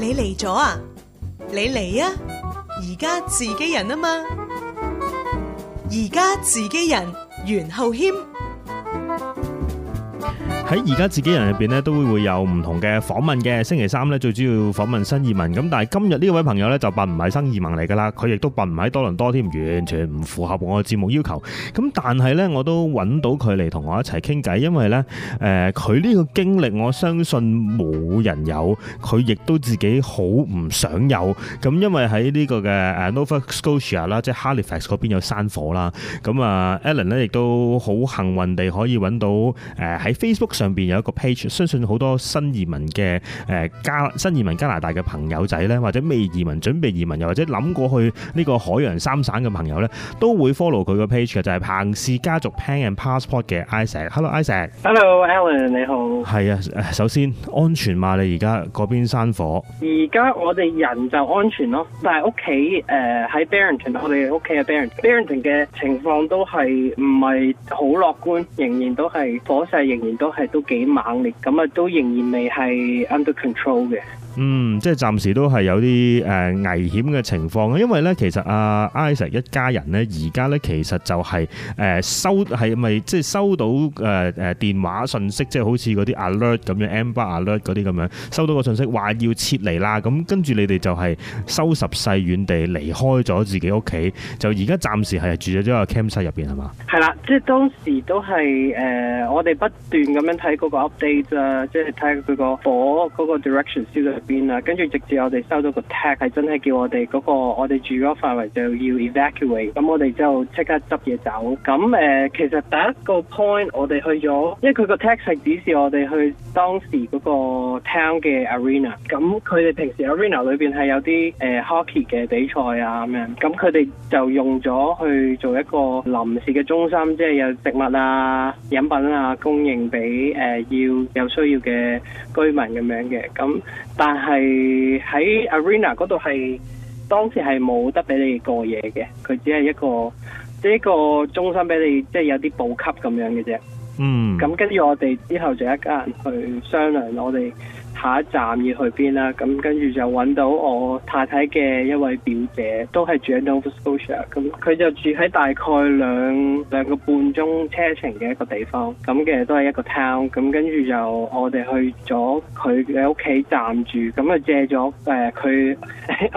你嚟咗啊！你嚟啊！而家自己人啊嘛，而家自己人，袁浩謙。喺而家自己人入邊咧，都會有唔同嘅訪問嘅。星期三咧，最主要訪問新移民。咁但係今日呢位朋友咧，就扮唔係新移民嚟㗎啦。佢亦都扮唔係多倫多添，完全唔符合我嘅節目要求。咁但係咧，我都揾到佢嚟同我一齊傾偈，因為咧，誒佢呢個經歷我相信冇人有，佢亦都自己好唔想有。咁因為喺呢個嘅誒 Nova Scotia 啦，ia, 即係 Halifax 嗰邊有山火啦。咁啊，Ellen 咧亦都好幸運地可以揾到誒喺 Facebook。上邊有一個 page，相信好多新移民嘅加新移民加拿大嘅朋友仔咧，或者未移民準備移民，又或者諗過去呢個海洋三省嘅朋友咧，都會 follow 佢個 page 嘅，就係、是、彭氏家族 Pan and Passport 嘅 Isaac。Hello Isaac。Hello Alan，你好。係啊，首先安全嘛？你而家嗰邊山火？而家我哋人就安全咯，但係屋企喺、呃、Barrington，我哋屋企嘅 Barrington，Barrington 嘅情況都係唔係好樂觀，仍然都係火勢，仍然都係。都幾猛烈，咁啊都仍然未係 under control 嘅。嗯，即係暫時都係有啲誒危險嘅情況啊，因為咧其實阿 Isaac 一家人咧而家咧其實就係誒收係咪即係收到誒誒電話信息，即係好似嗰啲 alert 咁樣，Amber alert 嗰啲咁樣，收到個信息話要撤離啦，咁跟住你哋就係收拾細軟地離開咗自己屋企，就而家暫時係住喺咗個 camp site 入邊係嘛？係啦，即係當時都係誒，我哋不斷咁樣睇嗰個 update 啊，即係睇佢個火嗰個 direction 消咗。跟住直至我哋收到個 tag 係真係叫我哋嗰、那個我哋住咗個範圍就要 evacuate，咁我哋就即刻執嘢走。咁、呃、其實第一個 point 我哋去咗，因為佢個 tag 係指示我哋去當時嗰個 town 嘅 arena。咁佢哋平時 arena 裏面係有啲誒、呃、hockey 嘅比賽啊咁樣，咁佢哋就用咗去做一個臨時嘅中心，即係有食物啊、飲品啊供應俾誒、呃、要有需要嘅。居民咁樣嘅，咁但係喺 Arena 嗰度係，當時係冇得俾你過夜嘅，佢只係一個，即係一個中心俾你，即係有啲補給咁樣嘅啫。嗯，咁跟住我哋之後就一家人去商量我哋。下一站要去邊啦？咁跟住就揾到我太太嘅一位表姐，都係住喺 Nova Scotia。咁佢就住喺大概兩兩個半鐘車程嘅一個地方。咁嘅都係一個 town。咁跟住就我哋去咗佢嘅屋企站住。咁佢借咗誒佢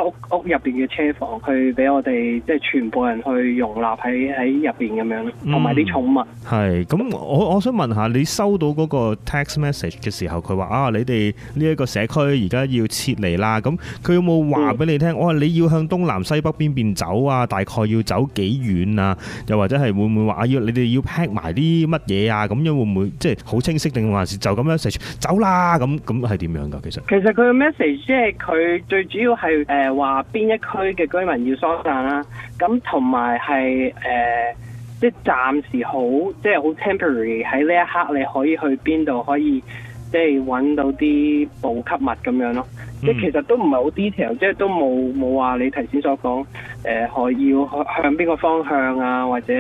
屋屋入邊嘅車房，佢俾我哋即係全部人去容納喺喺入邊咁樣，同埋啲寵物。係咁，我我想問一下你收到嗰個 text message 嘅時候，佢話啊，你哋。呢一個社區而家要撤離啦，咁佢有冇話俾你聽？我話、嗯哦、你要向東南西北邊邊走啊，大概要走幾遠啊？又或者係會唔會話要你哋要 pack 埋啲乜嘢啊？咁、啊、樣會唔會即係好清晰？定還是就咁樣 message 走啦？咁咁係點樣噶？其實其實佢 message 即、就、係、是、佢最主要係誒話邊一區嘅居民要疏散啦，咁同埋係誒即係暫時好即係、就、好、是、temporary 喺呢一刻你可以去邊度可以。即係揾到啲補給物咁樣咯，即係其實都唔係好 detail，即係都冇冇話你頭先所講。可、呃、要向邊個方向啊？或者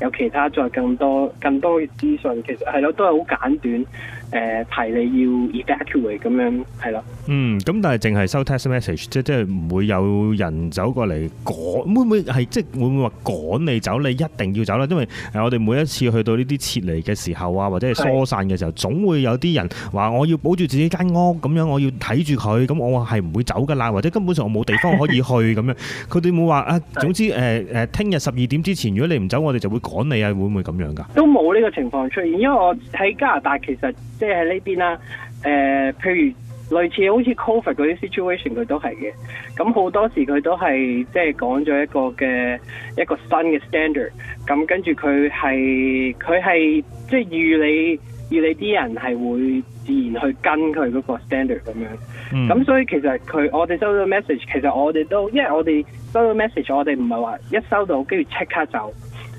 有其他再更多更多嘅資訊，其實係咯，都係好簡短。誒、呃，提你要 evacuate 咁樣，係咯。嗯，咁但係淨係收 test message，即即係唔會有人走過嚟趕，會唔會係即會唔會話趕你走？你一定要走啦，因為我哋每一次去到呢啲撤離嘅時候啊，或者係疏散嘅時候，的總會有啲人話我要保住自己間屋，咁樣我要睇住佢，咁我話係唔會走噶啦，或者根本上我冇地方可以去咁樣，佢哋會話。啊，總之誒誒，聽日十二點之前，如果你唔走，我哋就會趕你啊！會唔會咁樣㗎？都冇呢個情況出現，因為我喺加拿大，其實即係喺呢邊啦。誒、呃，譬如類似好似 Covid 嗰啲 situation，佢都係嘅。咁好多時佢都係即係講咗一個嘅一個新嘅 standard。咁跟住佢係佢係即係預你。要你啲人係會自然去跟佢嗰個 standard 咁樣，咁、嗯、所以其實佢我哋收到 message，其實我哋都因為我哋收到 message，我哋唔係話一收到跟住即刻走。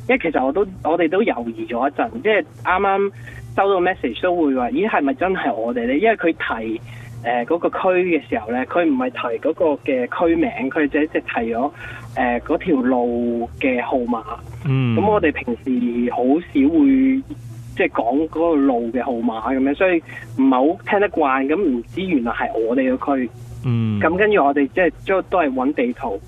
因為其實我都我哋都猶豫咗一陣，即係啱啱收到 message 都會話：咦，係咪真係我哋咧？因為佢提嗰、呃嗰個區嘅時候咧，佢唔係提嗰個嘅區名，佢只係提咗呃嗰條路嘅號碼。嗯，咁我哋平時好少會。即係講嗰個路嘅號碼咁樣，所以唔係好聽得慣，咁唔知原來係我哋個區。嗯，咁跟住我哋即係都都係搵地圖，誒、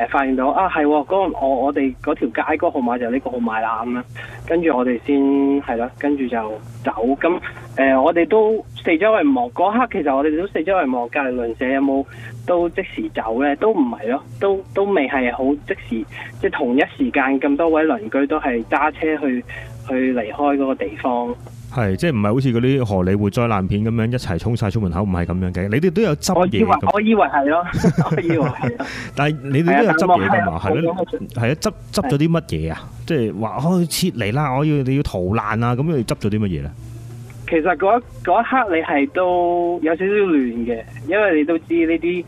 呃，發現到啊係嗰個我我哋嗰條街嗰個號碼就呢個號碼啦咁啦，跟住我哋先係啦，跟住就走。咁誒、呃，我哋都四周圍望，嗰刻其實我哋都四周圍望，隔籬鄰舍有冇都即時走咧？都唔係咯，都都未係好即時，即係同一時間咁多位鄰居都係揸車去去離開嗰個地方，係即係唔係好似嗰啲荷里活災難片咁樣一齊沖晒出門口，唔係咁樣嘅。你哋都有執嘢嘅。我以我以為係咯，我以為。但係你哋都有執嘢噶嘛？係咯，係啊， 執執咗啲乜嘢啊？是即係話開始撤離啦，我要你要逃難啊？咁你執咗啲乜嘢咧？其實嗰一,一刻你係都有少少亂嘅，因為你都知呢啲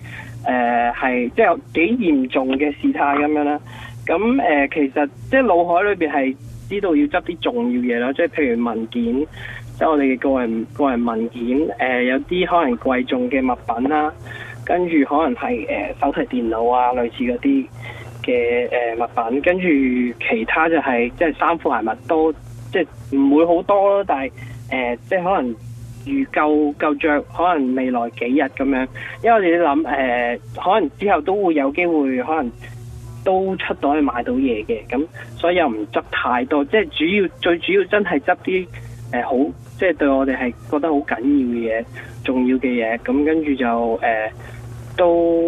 誒係即係幾嚴重嘅事態咁樣啦。咁誒、呃，其實即係腦海裏邊係。知道要執啲重要嘢咯，即係譬如文件，即係我哋嘅個人個人文件，呃、有啲可能貴重嘅物品啦，跟住可能係、呃、手提電腦啊，類似嗰啲嘅物品，跟住其他就係、是、即係衫褲鞋襪都即係唔會好多咯，但係、呃、即係可能預夠夠着，可能未來幾日咁樣，因為你諗、呃、可能之後都會有機會可能。都出到去買到嘢嘅，咁所以又唔執太多，即係主要最主要真係執啲誒好，即係對我哋係覺得好緊要嘅嘢，重要嘅嘢，咁跟住就誒都。呃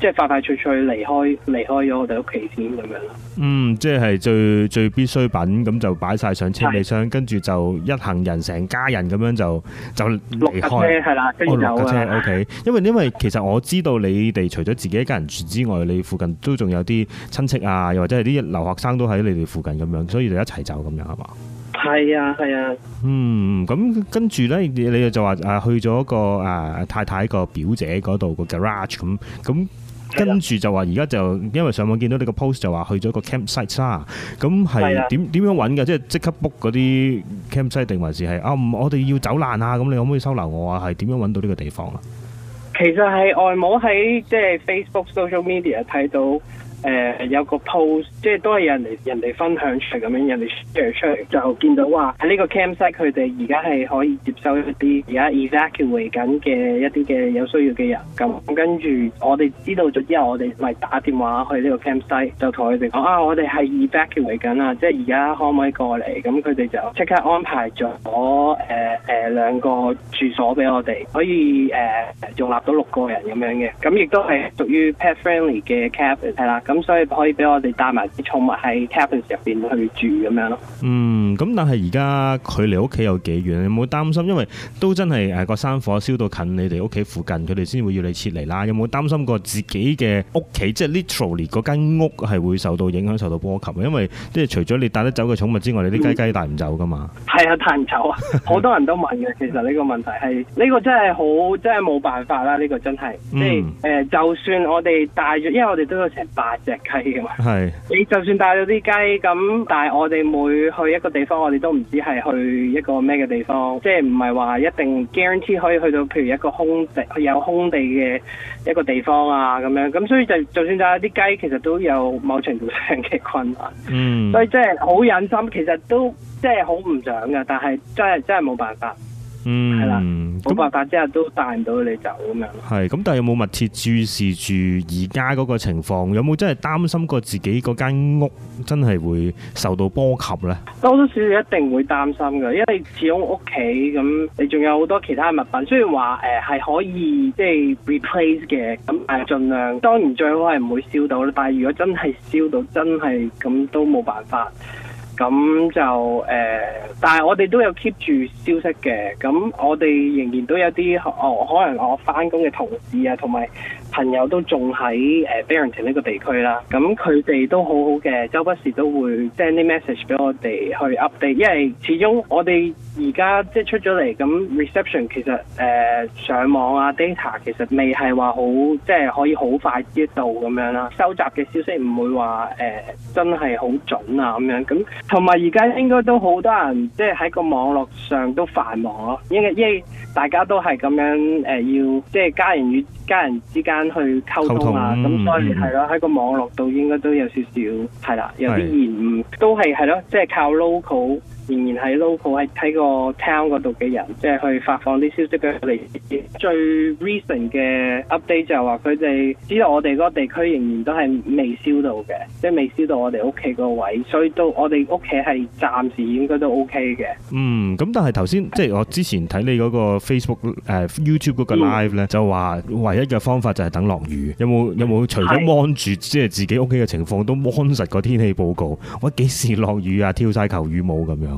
即係快快脆脆離開離開咗我哋屋企先咁樣咯。嗯，即係最最必需品咁就擺晒上車尾箱，跟住的就一行人成家人咁樣就就離開。開哦，六架車 ，O、okay、K。因為因為其實我知道你哋除咗自己一家人住之外，你附近都仲有啲親戚啊，又或者係啲留學生都喺你哋附近咁樣，所以就一齊走咁樣係嘛？係啊，係啊。嗯，咁跟住咧，你就話啊去咗個啊太太個表姐嗰度，個 garage 咁咁。跟住就話，而家就因為上網見到呢個 post 就話去咗個 campsite 啦，咁係點點樣揾嘅？即係即刻 book 嗰啲 campsite 定還是係、嗯、啊？我哋要走難啊！咁你可唔可以收留我啊？係點樣揾到呢個地方啦？其實係外母喺即係、就是、Facebook social media 睇到。誒、呃、有個 post，即係都係人哋人哋分享出嚟咁樣，人哋 share 出嚟就見到話喺呢個 campsite，佢哋而家係可以接收一啲而家 evacuate 緊嘅一啲嘅有需要嘅人。咁跟住我哋知道咗之後，我哋咪打電話去呢個 campsite，就同佢哋講啊，我哋係 evacuate 緊啊，即係而家可唔可以過嚟？咁佢哋就即刻安排咗誒誒兩個住所俾我哋，可以誒容納到六個人咁樣嘅。咁亦都係屬於 pet friendly 嘅 camp 啦。咁所以可以俾我哋帶埋啲寵物喺 campus 入面去住咁樣咯。嗯，咁但係而家距離屋企有幾遠？有冇擔心？因為都真係誒個山火燒到近你哋屋企附近，佢哋先會要你撤離啦。有冇擔心過自己嘅屋企，即係 literally 嗰間屋係會受到影響、受到波及？因為即係除咗你帶得走嘅寵物之外，你啲雞雞帶唔走噶嘛，嗯？係啊，帶唔走啊！好 多人都問嘅，其實呢個問題係呢個真係好，真係冇辦法啦。呢個真係即係誒，就算我哋帶咗，因為我哋都有成百隻雞嘅嘛，係是你就算帶咗啲雞咁，但係我哋每去一個地方，我哋都唔知係去一個咩嘅地方，即係唔係話一定 guarantee 可以去到，譬如一個空地，有空地嘅一個地方啊，咁樣，咁所以就就算帶咗啲雞，其實都有某程度上嘅困難，嗯，所以即係好忍心，其實都即係好唔想噶，但係真係真係冇辦法。嗯，係啦，冇辦法，即係那都帶唔到你走咁樣。係，咁但係有冇密切注視住而家嗰個情況？有冇真係擔心過自己嗰間屋真係會受到波及呢？多多少少一定會擔心㗎，因為你始終屋企咁，你仲有好多其他物品。雖然話誒係可以即係 replace 嘅，咁誒盡量。當然最好係唔會燒到，但係如果真係燒到真係咁，都冇辦法。咁就誒、呃，但係我哋都有 keep 住消息嘅。咁我哋仍然都有啲，我、哦、可能我翻工嘅同事啊，同埋朋友都仲喺、呃、Barrington 呢個地區啦。咁佢哋都好好嘅，周不時都會 send 啲 message 俾我哋去 update。因為始終我哋而家即係出咗嚟，咁 reception 其實誒、呃、上網啊 data 其實未係話好，即係可以好快知道咁樣啦。收集嘅消息唔會話誒、呃、真係好準啊咁樣咁。同埋而家應該都好多人，即係喺個網絡上都繁忙咯，因為因為大家都係咁樣誒、呃，要即係、就是、家人與家人之間去溝通啊，咁通所以係咯，喺個網絡度應該都有少少係啦，有啲延誤的都係係咯，即係、就是、靠 local。仍然喺 local，喺睇個 town 嗰度嘅人，即係去發放啲消息佢嚟。最 recent 嘅 update 就話，佢哋知道我哋嗰個地區仍然都係未燒到嘅，即係未燒到我哋屋企個位，所以都我哋屋企係暫時應該都 OK 嘅。嗯，咁但係頭先即係我之前睇你嗰個 Facebook 誒、uh, YouTube 嗰個 live 咧，嗯、就話唯一嘅方法就係等落雨。有冇有冇除咗望住即係自己屋企嘅情況的都望實個天氣報告？我幾時落雨啊？跳晒求雨舞咁樣。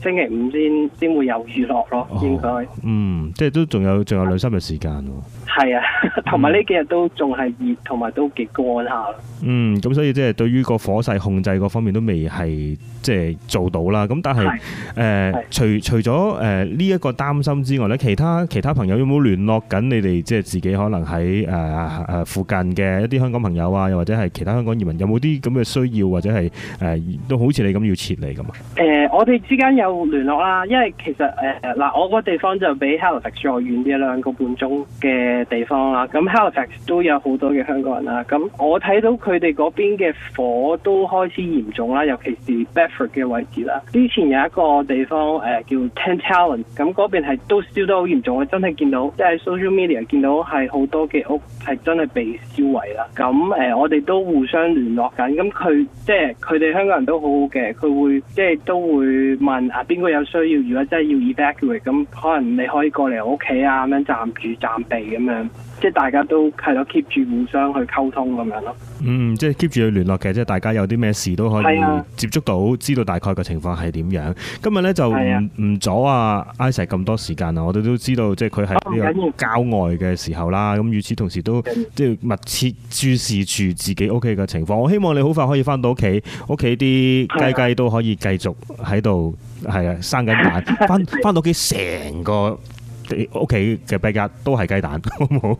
星期五先先會有雨落咯，應該嗯，即係都仲有仲有兩三日時間喎。係啊，同埋呢幾日都仲係熱，同埋都幾乾下。嗯，咁所以即係對於個火勢控制嗰方面都未係即係做到啦。咁但係誒，除除咗誒呢一個擔心之外咧，其他其他朋友有冇聯絡緊你哋？即係自己可能喺誒誒附近嘅一啲香港朋友啊，又或者係其他香港移民有冇啲咁嘅需要，或者係誒都好似你咁要撤離咁啊？誒，我哋之間有。都聯絡啦，因為其實誒嗱、呃，我個地方就比 Halifax 再遠啲兩個半鐘嘅地方啦。咁 Halifax 都有好多嘅香港人啦。咁我睇到佢哋嗰邊嘅火都開始嚴重啦，尤其是 Bedford 嘅位置啦。之前有一個地方誒、呃、叫 t e n t e r e n 咁，嗰邊係都燒得好嚴重，我真係見到即係 social media 見到係好多嘅屋係真係被燒毀啦。咁誒、呃，我哋都互相聯絡緊，咁佢即係佢哋香港人都好好嘅，佢會即係都會問。邊個有需要？如果真係要 evacuate，咁可能你可以過嚟我屋企啊，咁樣暫住暫避咁樣。即係大家都係咯，keep 住互相去溝通咁樣咯。嗯，即係 keep 住去聯絡嘅，即係大家有啲咩事都可以接觸到，的知道大概嘅情況係點樣。今日咧就唔唔阻啊，Isaac 咁多時間啊，我哋都知道，即係佢係呢個郊外嘅時候啦。咁與、哦、此同時都都要的密切注視住自己屋企嘅情況。我希望你好快可以翻到屋企，屋企啲雞雞都可以繼續喺度。係啊，生緊蛋，返返到屋企成個屋企嘅壁架都係雞蛋，好唔好？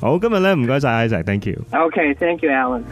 好，今日咧唔該晒，Isaac，thank you。Okay，thank you，Alan。